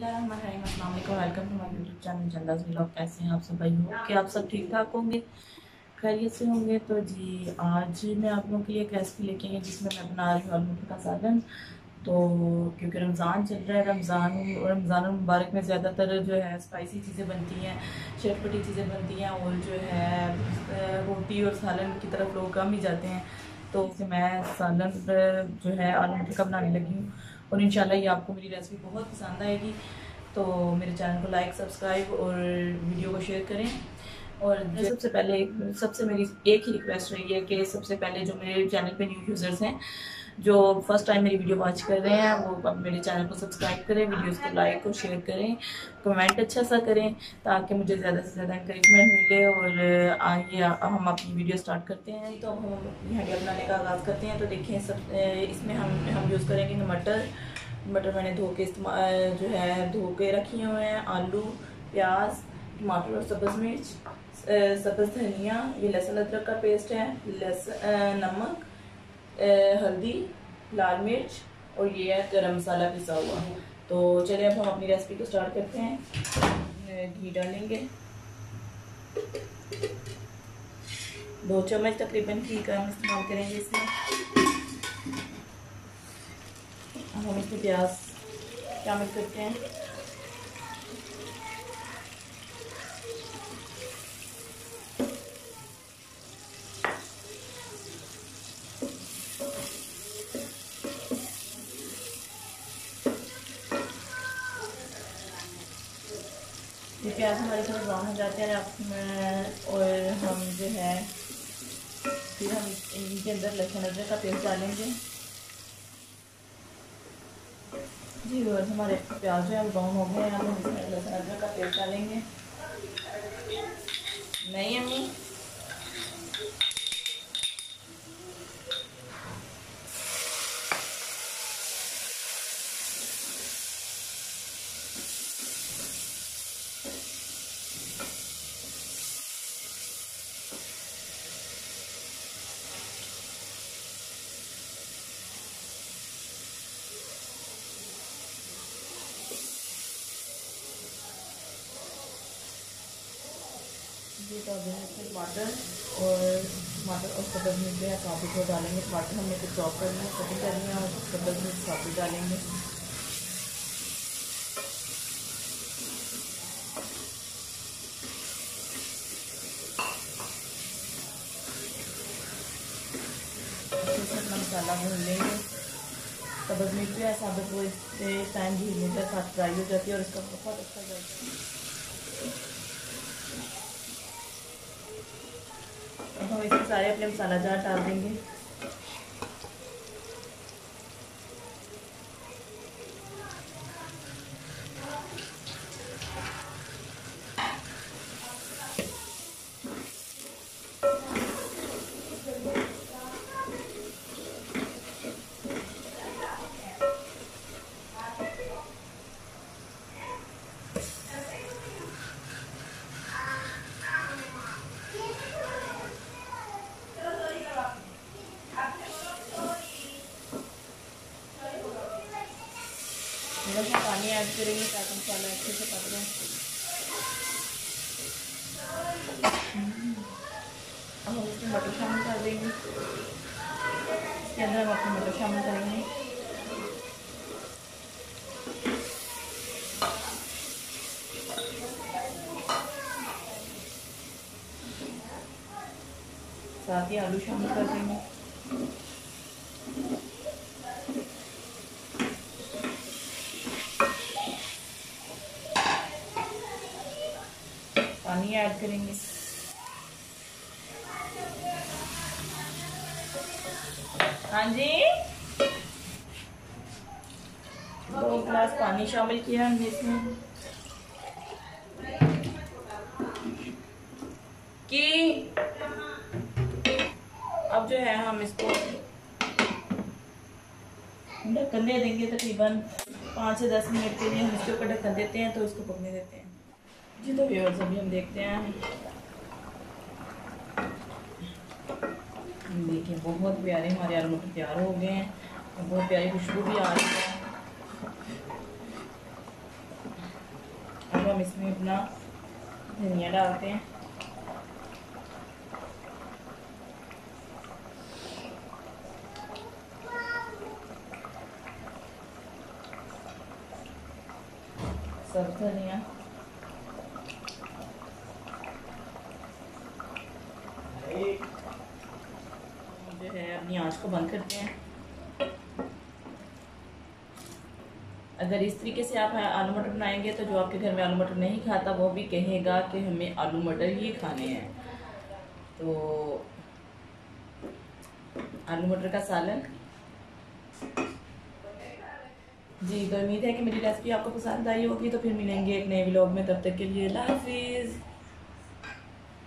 welcome to my YouTube channel चंदाज blog कैसे हैं आप सब भाई हो कि आप सब ठीक ठाक होंगे खैरियत से होंगे तो जी आज मैं आप लोगों के लिए एक रेसिपी लेके आई जिसमें मैं बना रही हूँ आलू मटर का सालन तो क्योंकि रमज़ान चल रहा है रमज़ान रमज़ान मुबारक में ज़्यादातर जो है स्पाइसी चीज़ें बनती हैं चटपटी चीज़ें बनती हैं और जो है रोटी और सालन की तरफ लोग कम ही जाते हैं तो उससे मैं सालन जो है आलू मटर का बनाने लगी हूँ और इन ये आपको मेरी रेसिपी बहुत पसंद आएगी तो मेरे चैनल को लाइक सब्सक्राइब और वीडियो को शेयर करें और सबसे पहले सबसे मेरी एक ही रिक्वेस्ट रही है कि सबसे पहले जो मेरे चैनल पे न्यू यूज़र्स हैं जो फर्स्ट टाइम मेरी वीडियो वॉच कर रहे हैं वो अब मेरे चैनल को सब्सक्राइब करें वीडियोस को लाइक और शेयर करें कमेंट अच्छा सा करें ताकि मुझे ज़्यादा से ज़्यादा इंक्रेजमेंट मिले और आइए हम अपनी वीडियो स्टार्ट करते हैं तो हम अपनी हंडिया बनाने का आगाज़ करते हैं तो देखें सब इसमें हम हम यूज़ करेंगे मटर मटर मैंने धो के इस्तेमाल जो है धो के रखे हुए हैं आलू प्याज टमाटर और सब्ज़ मिर्च सब्ज़ धनिया ये लहसुन अदरक का पेस्ट है लहसुन नमक हल्दी लाल मिर्च और ये है गरम मसाला पिसा हुआ तो चलिए अब हम अपनी रेसिपी को स्टार्ट करते हैं घी डालेंगे दो चम्मच तकरीबन घी का हम इस्तेमाल करेंगे इसमें हम इसमें प्याज शामिल करते हैं प्याज हमारे थोड़े ब्राउन हो जाते हैं और हम जो है फिर हम इनके अंदर लहसुन अदरक का पेस्ट डालेंगे जी और हमारे प्याज जो है ब्राउन हो गए हैं हम इसमें लहसुन अदरक का पेस्ट डालेंगे नहीं अम्मी ये तो गया इसमें टमाटर और टमाटर और सब्ज मिर्च जो है काफ़ी को डालेंगे टमाटर हमने कुछ चॉप करना है कटिंग करनी है और सब्ज मिर्च काफ़ी डालेंगे मसाला भून लेंगे सब्ज मिर्च जो है साबित वो इस टाइम भी के साथ फ्राई हो जाती है और इसका बहुत अच्छा जाता है हम इसमें सारे अपने मसाला जार डाल देंगे थोड़ा सा पानी ऐड करेंगे ताकि मसाला अच्छे से पक जाए हम उसमें मटर शामिल कर देंगे इसके अंदर हम अपने मटर शामिल करेंगे साथ ही आलू शामिल कर देंगे धनिया ऐड करेंगे हाँ जी दो ग्लास पानी शामिल किया हमने इसमें कि अब जो है हम इसको ढक्कन दे देंगे तकरीबन पाँच से दस मिनट के लिए हम इसके ऊपर ढक्कन देते हैं तो इसको पकने देते हैं जी तो व्यवर्स अभी हम देखते हैं देखिए बहुत प्यारे हमारे आलू मटर तैयार हो गए हैं और बहुत प्यारी खुशबू भी आ रही है अब हम इसमें अपना धनिया डालते हैं सब धनिया अपनी आंच को बंद करते हैं अगर इस तरीके से आप आलू मटर बनाएंगे तो जो आपके घर में आलू मटर नहीं खाता वो भी कहेगा कि हमें आलू मटर ही खाने हैं तो आलू मटर का सालन जी तो उम्मीद है कि मेरी रेसिपी आपको पसंद आई होगी तो फिर मिलेंगे एक नए ब्लॉग में तब तक के लिए अल्लाह हाफिज़